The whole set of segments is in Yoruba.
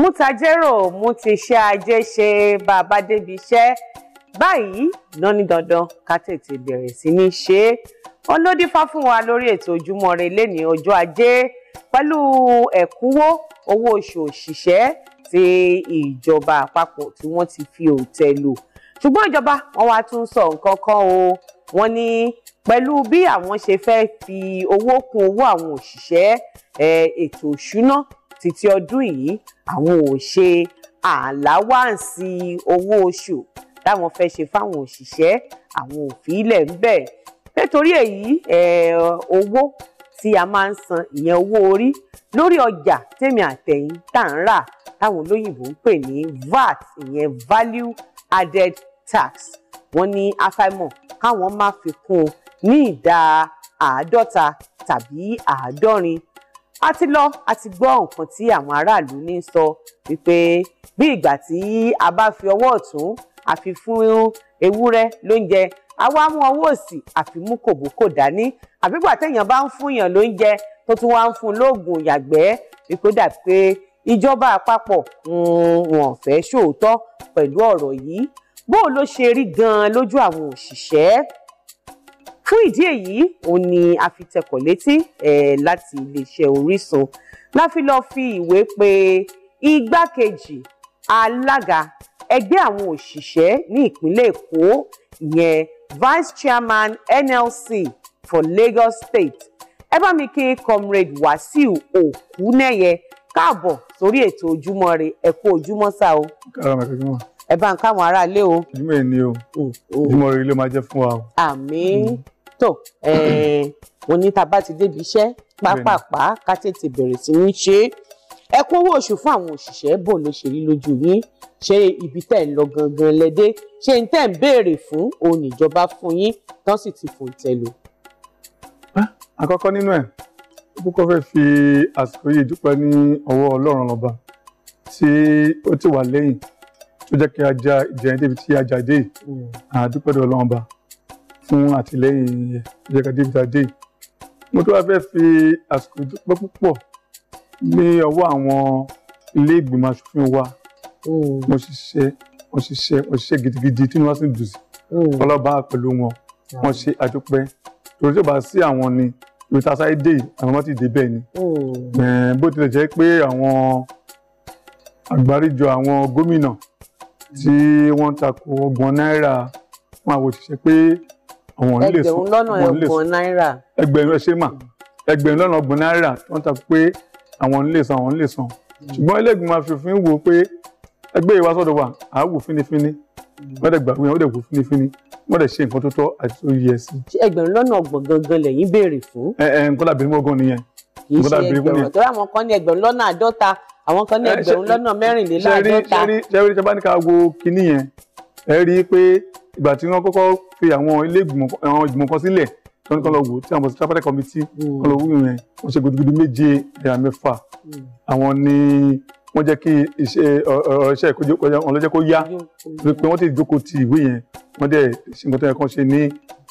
mútajẹ́rò mú ti ṣe ajé ṣe bàbá débi iṣẹ́ báyìí lọ ní dandan ká tètè bẹ̀rẹ̀ sí ní ṣe é wọn ló dífá fún wa lórí ètò Ojúmọ́ Ire lẹ́ni ọjọ́ ajé pẹ̀lú ẹ̀kúnwó owó oṣù òṣìṣẹ́ tí ìjọba àpapọ̀ tí wọ́n ti fi òǹtẹ̀ lù ṣùgbọ́n ìjọba wọn wá tún sọ nǹkan kan o wọ́n ní pẹ̀lú bí àwọn ṣe fẹ́ fi owó kún owó àwọn òṣìṣẹ́ ètò ìṣúná títí ọdún yìí àwọn ò ṣe àláwáǹsì owó oṣù táwọn fẹ́ ṣe fáwọn òṣìṣẹ́ àwọn òfin ilẹ̀ ń bẹ̀ nítorí èyí owó tí a máa ń san ìyẹn owó orí lórí ọjà tèmi àtẹ̀yìn tá à ń rà táwọn olóyìnbó ń pè ní VAT ìyẹn value added tax wọ́n ní àfàìmọ̀ káwọn má fi kún un ní ìdá àádọ́ta tàbí àádọ́rin a ti lọ a ti gbọ́ nǹkan tí àwọn aráàlú ní sọ wípé bí ìgbà tí a bá fi ọwọ́ ọ̀tún a fi fún ewúrẹ́ lóúnjẹ àwa mú ọwọ́ òsì àfimú kòbókò dání àbígbà téèyàn bá ń fún yàn lóúnjẹ tó tún wá ń fún lóògùn yàgbẹ́ wípé dàbí pé ìjọba àpapọ̀ hmm, wọn fẹ́ ṣòótọ́ pẹ̀lú ọ̀rọ̀ yìí bó ló ṣe rí gan-an lójú àwọn òṣìṣẹ́ fún ìdí èyí òun ni a fi tẹkọ̀ létí láti iléeṣẹ́ Orísun la fi lọ́ọ́ fi ìwé pe igbákejì alága ẹgbẹ́ àwọn òṣìṣẹ́ ní ìpínlẹ̀ Èkó ìyẹn vice chairman NLC for Lagos State ẹ bá mi kí comrade Wasiu Okuneye káàbọ̀ sórí ètò ojúmọ́ re ẹ kú ojúmọ́ sá o. kàràmà kẹjúmọ́. ẹ bá ń káwọn aráalé o. ojúmọ́ ẹ ní o ojúmọ́ rere ló máa jẹ́ fún wa o. àmín. Hmm tó òní eh, tá a bá ti débi iṣẹ́ pápápá ká tètè bẹ̀rẹ̀ sí ní ṣe é ẹkún owó oṣù fún àwọn òṣìṣẹ́ bò ló ṣe rí lójú yín ṣé ibi tẹ́ ń lọ gangan lẹ́dẹ́ ṣé n tẹ́ ń béèrè fún òun ìjọba fún yín tán sì ti fòun tẹ̀lé. àkọ́kọ́ nínú ẹ̀ púpọ̀ fẹ́ fi àsìkò yìí dúpẹ́ ní ọwọ́ ọlọ́run ọba tí ó ti wà lẹ́yìn tó jẹ́ kí ajá ìjẹun débi tí ajá dé àdúpẹ́ hmm. lọ́wọ́ ọlọ́run ọba fún àtìlẹ́yìn ìjẹ́ka david adé mo tó wá fẹ́ fi àsìkò ìdúpẹ́ púpọ̀ ní ọwọ́ àwọn ilé ìgbìmọ̀ asòfin wa mo hmm. ṣiṣẹ́ mo ṣiṣẹ́ mo ṣiṣẹ́ gidigidi tí wọ́n sì dùn sí hmm. ọlọ́ba pẹ̀lú wọn wọ́n ṣe àdúpẹ́ torí tí ò bá sí àwọn ni ìwé tá a sáré dé àwọn ọmọ ti dé bẹ́ẹ̀ ni hmm. bó tilẹ̀ jẹ́ pé àwọn àgbáríjọ àwọn gómìnà tí wọ́n tako ọgbọ̀n náírà fún àwọn òṣìṣẹ́ pé àwọn ilé sùn ẹgbẹ̀rún lọ́nà ọgbọ̀n náírà ẹgbẹ̀rún ẹ ṣe mà ẹgbẹ̀rún lọ́nà ọgbọ̀n náírà wọ́n ta pé àwọn ilé sùn àwọn ilé sùn ṣùgbọ́n ilé ìgbìmọ̀ asòfin wò pé ẹgbẹ́ ìwà sọ̀dọ̀ wa à á wò fínífíní wọ́n dẹ̀ gbàgbé wọ́n dẹ̀ wò fínífíní wọ́n dẹ̀ ṣe nǹkan tó tọ́ àti tó yẹ sí. ẹgbẹ̀rún lọ́nà ọgbọ̀n gangan lẹ́yìn béèrè fún. ẹ ẹ nǹkan dàbí mọ́gán nìyẹn. kì í ṣe ẹgbẹ̀rún tó ráwọn kan ní ẹgbẹ̀rún lọ́nà àádọ́ta àwọn kan ní ẹgbẹ̀rún lọ́nà mẹ́rìnléláàádọ́ta. ṣe rí ṣe rí ṣe bá ní ká wo kinní yẹn ẹ rí i pé ìgbà tí wọ́n kọ́kọ́ fi àwọn ilé ìgbìmọ̀ kan sílẹ̀ tọ́ni kan lọ wò tí àwọn tripartite committee kan hmm. lọ wò yẹn wọ́n ṣe gudugudu méje ẹ̀yà mẹ́fà hmm. àwọn ni wọ́n jẹ́ kí ọ̀rọ̀ iṣẹ́ ìkójọpọ̀ wọn lọ́jọ́ kó yá pé wọ́n ti jókòó ti ìwé yẹn wọ́n dẹ̀ ṣe nǹkan tó yẹ kán ṣe ní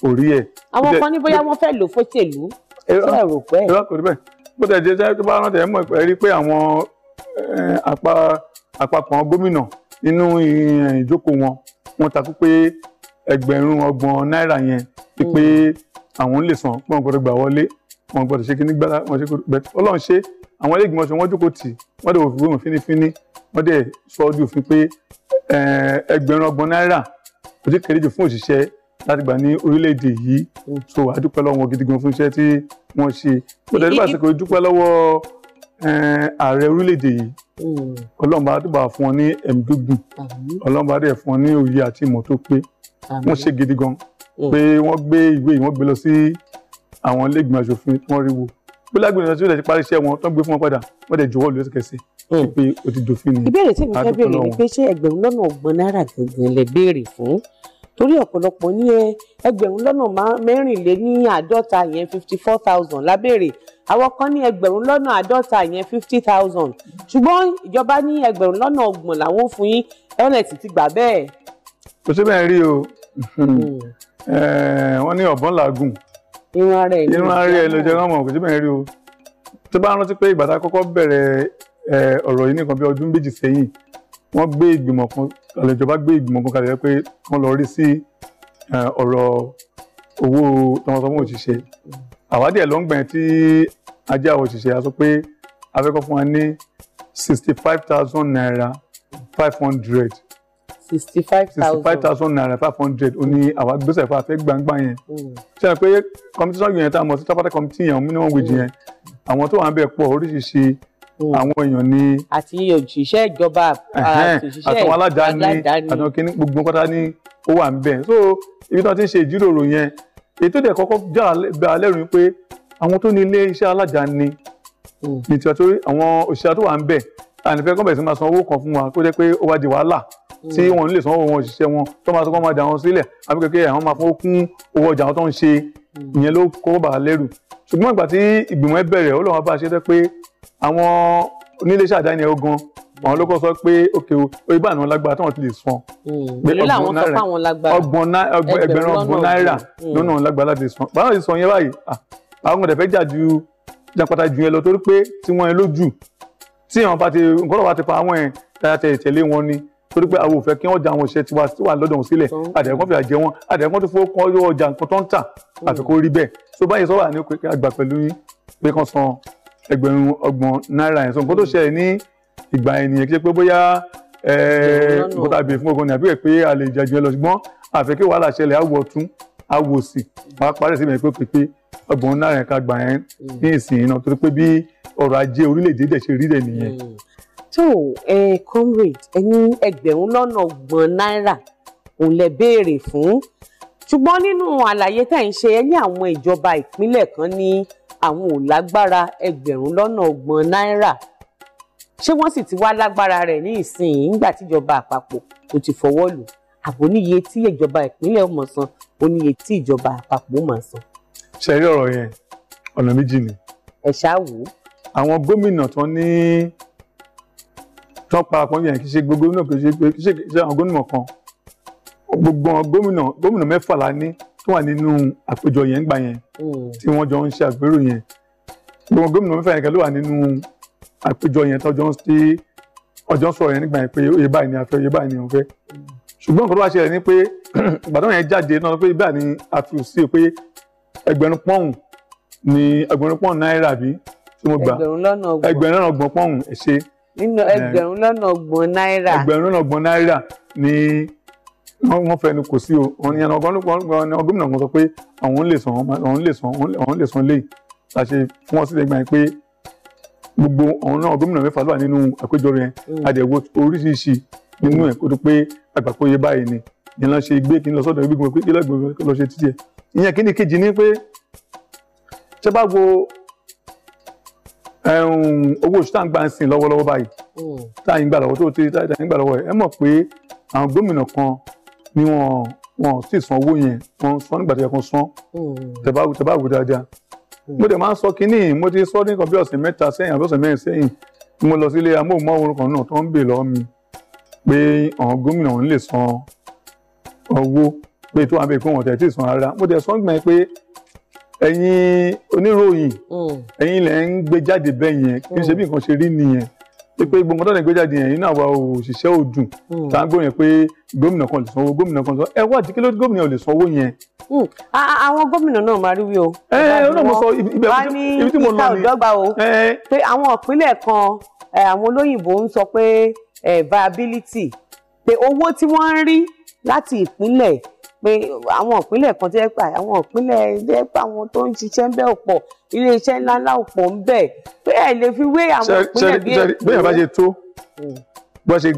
orí ẹ̀. àwọn kan ní bóyá wọ́n fẹ́ lò fóṣèlú tó ẹ̀rọ pẹ́. ẹ̀rọ kò rí bẹ́ẹ̀ bó tẹ̀ jẹ́ jẹ́ tó bá rántẹ̀ àpapọ̀ gómìnà nínú ìjókòó wọn wọ́n takú pé ẹgbẹ̀rún ọgbọ̀n náírà yẹn ti pé àwọn lè san pé wọ́n gbọ́dọ̀ gbà wọlé wọ́n gbọ́dọ̀ ṣe kíní gbára wọ́n ṣe kúrò bẹ́ẹ̀ ọlọ́run ṣe àwọn ilé ìgbìmọ̀ ṣe wọ́n jókòó tì wọ́n dẹ̀ òfin wọn fínífíní wọ́n dẹ̀ sọ ojú òfin pé ẹgbẹ̀rún ọgbọ̀n náírà kò tí fún òṣìṣẹ́ láti gbà ní orílẹ̀ yìí so a dúpẹ́ lọ́wọ́ gidi gan fún iṣẹ́ tí wọ́n ṣe ó kò dúpẹ́ lọ́wọ́ ààrẹ orílẹ̀-èdè yìí hmm. ọlọ́run bá dìbò fún wọn ní ẹ̀mí gígùn ọlọ́run bá dẹ̀ fún wọn ní òye àti ìmọ̀ tó pé wọ́n ṣe gidi gan hmm. pé wọ́n gbé ìwé yìí wọ́n gbé lọ sí àwọn ilé ìgbìmọ̀ aṣòfin tí wọ́n rí wo ó lágbèrè lọ sí ìdájọ́ parí iṣẹ́ wọn tó ń gbé fún wọn padà wọ́n dẹ̀ jọ̀wọ́ lóṣèkẹsẹ̀ hmm. pé o ti dòfin ni. ìbéèrè tí mi fẹ́ béèrè ni pé ṣé ẹgbẹ̀rún lọ́nà ọgbọ̀n náírà gangan lè béèrè fún torí ọ̀pọ̀lọpọ̀ ní ẹgbẹ̀rún lọ́nà mẹ́rìnléníàádọ́ta yẹn fifty four thousand lábẹ́rẹ̀ àwọn kan ní ẹgbẹ̀rún lọ́nà àádọ́ta yẹn fifty thousand ṣùgbọ́n ìjọba ní ẹgbẹ̀rún lọ́nà ọgbọ̀n làwọn fún yín ernest ti gbà bẹ́ẹ̀. kò sí bẹ́ẹ̀ rí o hmm. wọ́n ní ọ̀bọ̀n làágùn irun ara ẹ̀ irun ara ẹ̀ ló jẹ́ ọmọ kò sí bẹ́ẹ̀ rí o tó bá rántí pé ìgbà tá a kọ́kọ́ bẹ̀rẹ̀ ọ̀rọ̀ yìí nìkan bí ọdún méjì sẹ́yìn wọ́n gbé ìgbìmọ̀ kan kalẹ̀ ìjọba gbé ìgbìmọ̀ kan kalẹ̀ pé wọ́n lọ rí sí ọ̀rọ̀ owó tọmọtọmọ òṣìṣẹ́ àwádìí ẹ̀ ló ń gbẹ̀ tí ajé àwọn òṣìṣẹ́ a sọ pé a fẹ́ fún wa ní sixty five thousand naira five hundred sixty five thousand naira five hundred ó ní àwa gbèsè fún àfẹ́ gbangba yẹn ṣe é pé competition yẹn tá a mọ̀ sí tápátá committee yẹn minimum wage yẹn àwọn tó wà ń bẹ̀ pọ̀ oríṣiríṣi Hmm. àwọn èèyàn ni. àti òṣìṣẹ́ ìjọba àti òṣìṣẹ́ àtàwọn aládàáni àtàwọn kìíní gbogbo pátá ni ó wà ń bẹ̀ so ibi tí wọ́n ti ń ṣe ìjíròrò yẹn ètò ìdẹ̀ kọ́kọ́ bẹ alẹ́rù pé àwọn tó ní ilé iṣẹ́ aládàáni hmm. ní tiwa tó àwọn òṣìṣẹ́ tó wà ń bẹ̀ ànífẹ́ kọ́ńbẹ̀ sí máa san owó kan fún wa kó jẹ́ pé ó wá di wàhálà tí hmm. wọn ò lè sanwó wọn òṣìṣẹ́ wọn tó máa sọ pé wọ́n máa dà wọn sílẹ̀ àbí kékeré àwọn máa fún kún owó ọjà wọn tó ń ṣe ìyẹn ló kọ́ bàá lẹ́rù ṣùgbọ́n ìgbà tí ìgbìmọ̀ ẹ bẹ̀rẹ̀ ó lọ́wọ́ bá a ṣe tẹ́ pé àwọn oníléeṣẹ́ àdáni ẹ̀ ogun àwọn ló kọ́ sọ pé òkè oyinbo àwọn lágbára táwọn ti lè sùn. pẹ̀lú àwọn tó pa àwọn lágbára ẹgbẹ̀rún ọgbọ̀n náírà hmm. lọ́nà lágbára láti sùn. báwọn ti sọ yẹn báyìí àwọn ọ̀dẹ̀ fẹ́ jà ju jàǹpátá jù yẹn lọ torí pé tí wọ́n yẹn lójú tí àwọn bá ti nǹkan lọ́wọ́ ti pa àwọn ẹ̀ dáadáa tẹ̀lé tẹ̀lé wọn ni torí pé àwọn ò fẹ́ kí wọ́n ja àwọn òṣìṣẹ́ tiwa tí wà lọ́dọ̀ wọn sílẹ̀ àdẹ̀kọ́ fìyà jẹ wọn àdẹ̀kọ́ tó fowó kọ́ ọjà nǹkan tó ń tà hmm. àfi rí bẹ́ẹ̀ tó báyìí sọ́wọ́ àní àgbà pẹ̀lú yín pé kàn san ẹgbẹ̀rún ọgbọ̀n náírà yẹn so nǹkan tó hmm. ṣẹlẹ̀ ní ìgbà ènìyàn kì í ṣe pé bóyá nǹkan tàbí fún ogun ni àbí pé a lè jẹjẹ lọ ṣùgbọ́n àfẹ́ kí wàhálà ṣẹlẹ̀ àwọ̀ ọ̀tún àwọ̀ òsì wàá parẹ́ sí ìbẹ̀rẹ̀ pé pépé ọgbọ̀n náírà yẹn ká gbà yẹn hmm. ní ìsìn iná torí pé bí ọrọ̀ ajé orílẹ̀-èdè dẹ̀ ṣe rí dẹ̀ nìyẹn. tó hmm. ẹ comrade ẹni ẹgbẹ̀rún lọ́nà ọgbọ̀n náírà òun lẹ béèrè fún ṣùgbọ́n nínú àlàyé tẹ̀ ń ṣe ẹ ní àwọn ìjọba ìpínlẹ̀ kan ní àwọn ò lágbára ẹgbẹ̀rún lọ́nà ọgbọ̀n náírà ṣé wọ́n sì ti wá lágbára rẹ̀ ní ìsìn nígbà tíjọba àpapọ̀ kò ti fọwọ́ lù àbò níye tí ìjọba ìpínlẹ̀ ó máa san ó níye tí ìjọba àpapọ̀ ó máa san. ṣe rí ọ̀rọ̀ yẹn ọ̀nà méjì ni. ẹ ṣáà wò ó. àwọn gómìnà tán ní tán parapọ̀ yẹn kì í ṣe gbogbo gómìnà kì í ṣe àwọn gómìnà kan gbogbo gómìnà mẹ́fà la ní tó wà nínú àpéjọ yẹn gbà yẹn oh. tí wọ́n jọ ń ṣe àpérò yẹn ìwọ̀n gómìnà mẹ́fà yẹn kan ló wà nínú àpéjọ yẹn tọ́jọ́ tí ọjọ́ sọ̀rọ̀ yẹn nígbà yẹn pé oyè báyìí ni a fẹ́ oyè báyìí ni a fẹ́ ṣùgbọ́n nǹkan tó wá ṣẹlẹ̀ ni pé ìbàdàn yẹn jáde náà pé ibà ni a fi sí pé ẹgbẹ̀rún pọ́ùn ni ẹgbẹ̀rún pọ́ùn náírà bí tí mo gbà ẹgbẹ̀rún lọ́nà ọgbọ̀n pọ́ùn ẹ̀ ṣe. nínú ẹgbẹ̀rún lọ́nà náírà. ẹgbẹ̀rún lọ́nà ọgbọ̀n náírà ni wọ́n fẹnu kò sí o òun yẹn gómìnà kan sọ pé àwọn lè san àwọn lè san àwọn lè san léyìí ṣàṣe fún wọn sí lẹ́gbàá yẹn pé gbogbo àwọn náà gómìnà mẹ́fà ló wà nínú àpéjọrò yẹn àdẹ̀wò mm. oríṣiríṣi nínú ẹ̀ kó tó pé àgbàpọ̀yé báyìí ni yẹn lọ́ọ́ ṣe gbé kí n lọ sọ́dọ̀ ẹbí gbogbo pé kí lọ́ọ́ lọ́ọ́ ṣe títí ẹ̀ ìyẹn kí ni kejì ni pé ṣé bá wo owó oṣù tá à ń gbà ń sìn lọ́wọ́lọ́wọ́ báyìí mm. tá à ń gbà lọ́wọ́ tó ti tá à ń gbà lọ́wọ́ ẹ̀ ẹ mọ̀ pé àwọn gómìnà kan ni wọ́n wọ́n sì san owó yẹn wọ́n san nígbà tó yẹ kó san tẹ̀báwò hmm. tẹ̀báwò dáadáa hmm. mo dẹ̀ máa ń sọ kínní mo ti sọ nǹkan bí ọ̀sẹ̀ mẹ́ta sẹ́yìn àbí ọ̀sẹ̀ mẹ́rin sẹ́yìn mo lọ sílé amóhùnmáwòrán kan náà tó ń bè lọ́ mi pé àwọn gómìnà òun lè san owó pé tó wà bẹ́ẹ̀ pé wọ́n tẹ̀ tí ì san ara mo dẹ̀ sọ gbọ̀n pé ẹ̀yin oníròyìn hmm. ẹ̀yin lẹ̀ ń gbé jáde bẹ́ẹ̀ yẹn kí n ṣe bí nǹkan ṣe rí nìyẹn pé gbogbo ọ̀dọ́ ìgbéjáde yẹn nínú àwa òṣìṣẹ́ òdùn hmm. tá à ń gbóyè pé gómìnà kan lè sanwó gómìnà kan sanwó ẹ wá àti kí ló gómìnà ò lè sanwó yẹn. Hmm. àwọn gómìnà náà máa rí wí o. ẹ ẹ ọ̀nà mo sọ ibi tí mo lọ ni. wá ní ìta òdọ́gba o pé àwọn ìpínlẹ̀ kan àwọn olóyìnbó ń sọ pé viability pé owó tí wọ́n ń rí láti ìpínlẹ̀ pé àwọn ìpínlẹ̀ kan tó yẹ pé àwọn ìpínlẹ̀ tó yẹ pé àwọn tó ń ṣiṣẹ́ ń bẹ̀ ọ̀pọ̀ ilé iṣẹ́ ńlá ńlá ọ̀pọ̀ ń bẹ̀ pé ẹ̀ lè fi wé àwọn ìpínlẹ̀ bí èkó. bẹ́ẹ̀ bá ṣe tó hmm. bá ṣe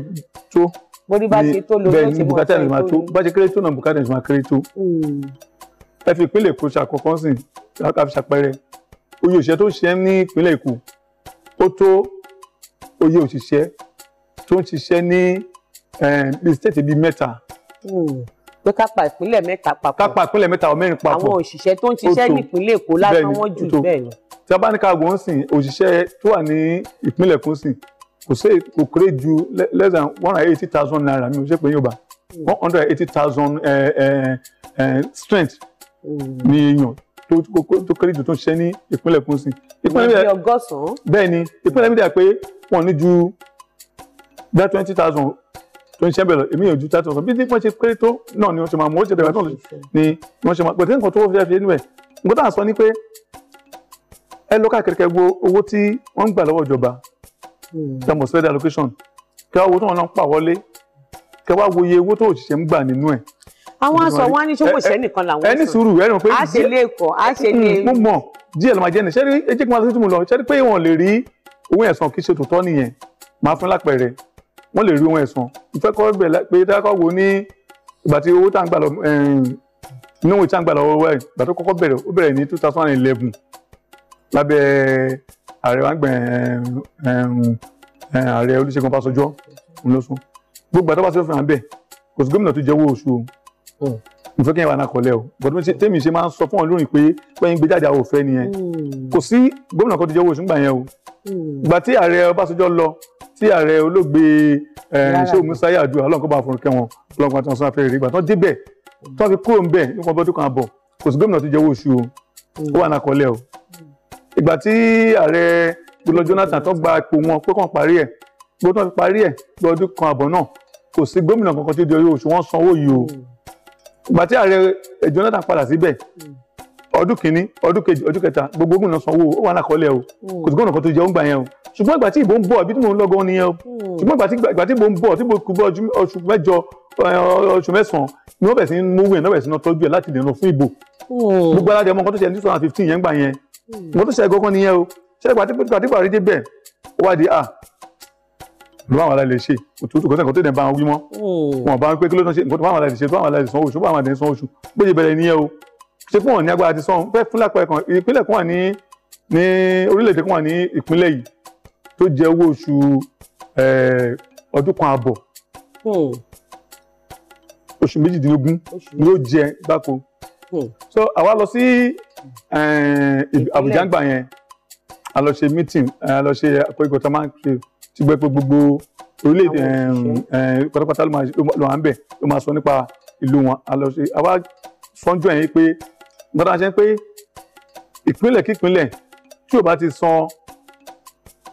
tó bẹ́ẹ̀ ni bùkátà lè máa tó bá ṣe kéré tó náà bùkátà lè máa kéré tó. Hmm. ẹ fi ìpínlẹ̀ Èkó ṣàkọ́kọ́ sìn ká fi ṣàpẹẹrẹ oye òṣìṣẹ́ tó ń ṣiṣẹ́ ní ìpínlẹ̀ Èkó ó tó oye òṣìṣẹ́ tó ń ṣiṣẹ́ ní bíi eh, stéètì bíi mẹ́ta. Hmm pé ká pa ìpínlẹ̀ mẹ́ta papọ̀ ká pa ìpínlẹ̀ mẹ́ta ọmọ mẹ́rin papọ̀ àwọn òṣìṣẹ́ tó ń ṣiṣẹ́ ní ìpínlẹ̀ Èkó lásán wọ́n jù bẹ́ẹ̀ lọ. tí a bá ní ká gbọ́n sìn òṣìṣẹ́ tó wà ní ìpínlẹ̀ kún sìn kò sí kò kéré ju less than one hundred eighty thousand naira mi ò ṣe pé yóò bá hmm. one hundred eighty thousand strength hmm. ni èèyàn tó kéré jù tó ń ṣiṣẹ́ ní ìpínlẹ̀ kún sìn. ìpínlẹ̀ ọgọ́sàn-án bẹ́ẹ̀ ni ìpínlẹ̀ mi dà pé wọ́n ní ju that twenty thousand tó ń ṣe bẹ̀rẹ̀ èmi yẹn ju tàtọ̀ bí wọ́n ṣe pé tó náà ni wọ́n ṣe máa mú ó ṣe dàgbà tó ni wọ́n ṣe máa pẹ̀lú nǹkan tó fẹ́ fi níwẹ̀ nǹkan tá à ń sọ ni pé ẹ lọ káàkiri kẹgbó owó tí wọ́n ń gbà lọ́wọ́ ìjọba hmm. thermo sphere allocation kẹ wá wo tó wọn náà ń pa wọlé kẹ wá wo iye owó tó òṣìṣẹ́ ń gbà nínú ẹ̀. àwọn aṣọ wọn á ní sọ́kò ṣẹ́ nìkan làwọn sọ ẹni sùúrù ẹ rìn pé a ṣe lé ẹ̀kọ́ a ṣe lé hmm, mo mọ díẹ̀ ló máa jẹ́ ni ṣẹ́rí ẹ jẹ́ kí n máa lọ sí tí mo lọ ṣẹ́rí pé wọn lè rí owó yẹn san kí ṣe tòótọ́ nìyẹn máa fún lápẹẹrẹ wọ́n lè rí wọn ẹ̀sùn ìfẹ́ kọ́ bẹ̀ pé dákọ̀ wo ní ìgbà tí owó tá à ń gbà lọ inú ìwé tí à ń gbà lọ wọ́wọ́ ẹ̀ ìgbà tó kọ́kọ́ bẹ̀rẹ̀ ó bẹ̀rẹ̀ ní two thousand and eleven lábẹ́ ààrẹ wa ń gbẹ̀ ààrẹ Olúṣẹ́gun Ọbásanjọ́ ńlọ́sùn gbogbo àtọ́wá sí òfin àbẹ̀ kò sí gómìnà tó jẹ́ owó oṣù o hmm. mo fẹ́ kí ẹ wà náà kọ̀lẹ́ o gbọ́dọ̀ tí tèmi ṣe máa ń sọ fún ọ lóyìn pé pẹ́yìn gbé jáde àwọn òfẹ́ nìyẹn hmm. kò sí gómìnà kan tó jẹ́ owó oṣù ńgbà yẹn o ìgbà tí ààrẹ Ọbásanjọ́ lọ tí ààrẹ olóògbé Ṣehu Musa Yar'Adua Ọlọ́run kó bá fún kẹ́ wọn Ọlọ́run kan tí wọ́n sọ afẹ́rẹ́ rí ìgbà tó débẹ̀ tó fi kúrò ń bẹ̀ nípa ọbẹ̀ ọdún kan àbọ̀ kò sí gómìnà tó jẹ́ oṣù o ó wà nàkọ́lẹ̀ o ìgbà tí ààrẹ gbọlọ Jonathan tó gba ipò wọn pé kàn parí ẹ̀ gbogbo tó fi parí ẹ̀ gbọ ọdún kan àbọ̀ náà kò sí gómìnà kankan tó di oṣù wọn sanwó yìí o hmm. ìgbà tí ààrẹ eh, Jonathan padà síbẹ̀ hmm ọdún kìíní ọdún kejì ọdún kẹta gbogbo ogun náà sanwó ó wà lákọọ́lẹ̀ o hmm. kò sí gbọ́dọ̀ kan tó jẹ oúngbà yẹn o ṣùgbọ́n ìgbà tí ìbò ń bọ̀ ibi tí mò ń lọ́gọ́ nìyẹn o hmm. ṣùgbọ́n ìgbà tí ìbò ń bọ̀ tí mo kú bọ́ oṣù mẹ́jọ oṣù mẹ́sàn-án ni wọ́n bẹ̀rẹ̀ sí ń múwèé náà bẹ̀rẹ̀ sí ń tọ́jú ẹ̀ láti dènà fún ìbò hmm. gbogbo aládé ọmọ nǹkan tó ṣe ní two thousand fifteen yẹn gbà yẹn nǹkan tó ṣe gọ́gọ́ nìyẹn o ṣe ìgbà tí pàrí débẹ̀ ó wá di à ló àwọn aláìlè ṣe òtútù kọ́tà kọ́tà ìdẹ̀bà wọn wí mọ́ wọn bá ń pé kí ló ń ṣe nǹkan tó bá àwọn aláìlè ṣe tó àwọn aláìlè sanwó oṣù bá àwọn aláìlè sanwó oṣù gbèjì bẹ̀rẹ̀ nìyẹn o ṣé fún wọn ní agbára ti sọ fẹ́ fún lápẹ̀rẹ̀ kan ìpínlẹ̀ kan wà ní ní orílẹ̀-èdè kan wà ní ìpínlẹ̀ yìí tó jẹ owó oṣù ọdún kan àbọ̀ hmm. oṣù méjìdínlógún ni ó jẹ gbáko hmm. so àwa lọ sí Àbújá gbà yẹn a lọ ṣe meeting a lọ ṣe àpéjọ tá a máa ń ṣe ti gbẹ pé gbogbo orílẹ̀-èdè pátápátá ló máa ń bẹ̀ ló máa sọ nípa ìlú wọn a lọ ṣe àwa sọ́njọ́ yẹn pé nǹkan tá a ṣe ń pé ìpínlẹ̀ kípínlẹ̀ tí ò bá ti san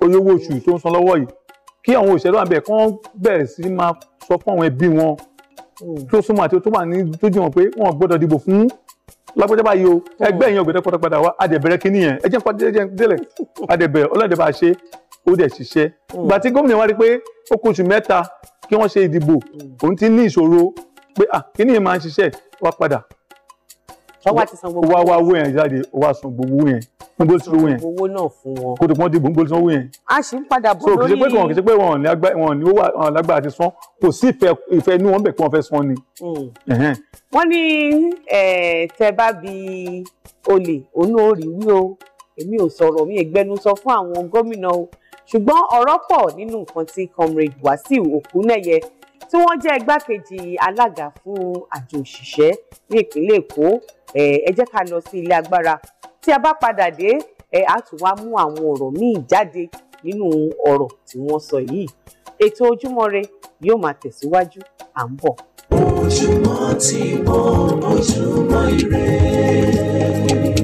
oyè owó oṣù tó ń san lọ́wọ́ yìí kí àwọn òṣèré àbẹ̀ kán bẹ̀rẹ̀ sí máa sọ fún àwọn ẹbí wọn hmm. tó súnmọ́ àti tó wà ní tójú wọn pé wọn gbọ́dọ̀ dìbò fún lágbájá báyìí o hmm. ẹgbẹ́ yẹn ògbẹ́dẹ́ pátápátá wa àdẹ̀bẹ̀rẹ̀ kínní yẹn ẹ jẹ́ nípa jẹ́ délẹ̀ àdẹ̀bẹ̀rẹ̀ ọlọ́dẹ bá ṣe ó dẹ̀ ṣiṣẹ́ hmm. gbà tí gómìnà wa rí pé ó kù oṣù mẹ́ta kí wọ́n ṣe ìdìbò òun ti ní ìṣòro pé à kínní yẹn máa ń ṣiṣẹ́ wá padà wọ́n wá ti san gbogbo. wá wá owó yẹn jáde ó wá san gbogbo owó yẹn fún bó ti owó yẹn owó náà fún wọn. kó tó pọ́n dìbò ń gbóló san owó yẹn. a sì ń padà bọ̀ lórí. so kì í ṣe pé wọn kì í ṣe pé wọn ní agbá wọn ní wọn lágbára ti san kò sí ìfẹ́ ìfẹ́ inú wọn bẹ̀ pé wọ́n fẹ́ san ni. Hmm. wọ́n ní tẹ bá bi olè òun ò rí wí o èmi ò sọ̀rọ̀ mi ìgbẹ́nu sọ fún àwọn gómìnà o ṣùgbọ́n ọ̀rọ̀ pọ̀ nínú nǹkan tí comrade Wasiu Okuneye tí wọ́n jẹ́ igbákejì alága fún àjọ òṣìṣẹ́ ní ìpínlẹ̀ Èkó ẹ ká lọ sí ilé agbára tí a bá padà dé ẹ á tún wá mú àwọn ọ̀rọ̀ míì jáde nínú ọ̀rọ̀ tí wọ́n sọ yìí ètò Ojúmọ́ Ire yóò máa tẹ̀síwájú à ń bọ̀. Ojúmọ́ ti bọ́ Ojúmọ́ Ire.